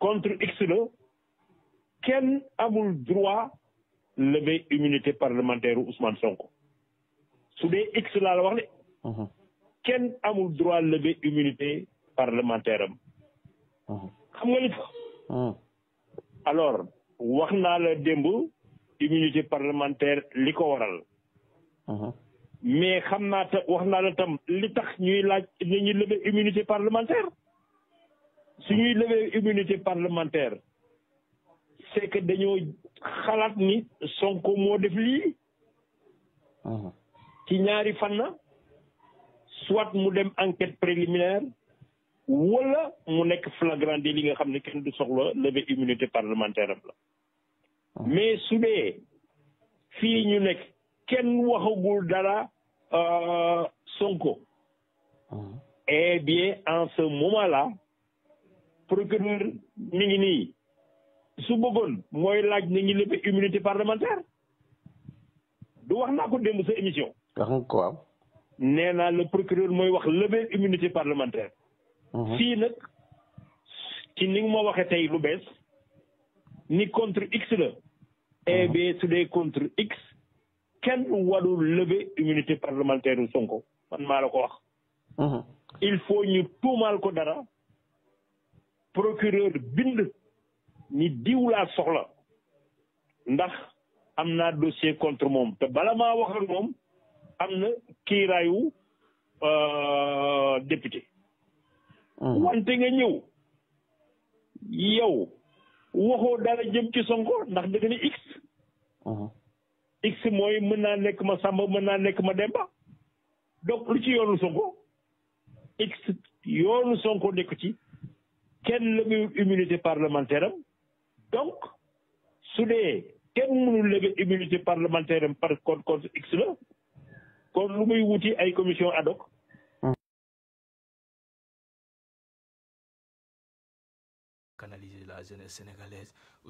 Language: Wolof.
contre X kenn amul droit lever immunité parlementaire Ousmane sonk su dee X laa la wax ne. Uh-huh. kenn amul droit lever immunité parlementaire am. Uh-huh. xam nga li uh-huh. alors wax naa la démb immunité parlementaire li ko waral. mais xam naa ta wax naa la tam li tax ñuy laaj li ñuy lever immunité parlementaire. suñuy levée immunité parlementaire c'est que dañoo xalaat ni Sonko moo def lii uh-huh. ci ñaari fan fànn soit mu dem enquête préliminaire wala mu nekk flagrant délit li nga xam ne kenn du soxla levée immunité parlementaire am la uh-huh. mais su dee fii ñu nekk kenn waxagul dara euh, Sonko uh-huh. eh bien en ce moment là procureur mi ngi nii su bëggoon mooy laaj na ñu lépp immunité parlementaire du wax naa ko dem sa émission. wax nga naa le procureur mooy wax lever immunité parlementaire. Mhm. fii nag ci ni nga ma waxee tey lu bees ni contre X la. eh bien mhm. su dee contre X kenn warul lever immunité parlementaire Sonko man maa la ko wax. Mhm. il faut ñu tuumaal ko dara. procureur bind ni diw laa soxla ndax am naa dossier contre moom te bala maa wax ak moom am na kiiraayu euh, député hmm. wante nga ñëw yow waxoo dara jëm ci Sonko ndax dëgg ni hmm. x mooy mën naa nekk ma Samba mën naa nekk ma Demba donc lu ci yoonu Sonko x yoonu Sonko nekk ci kenn lëgëyul immunité parlementaire donc su dee kenn mënul lëgë immunité parlementaire par contre contre x kon lu muy wuti ay commission ad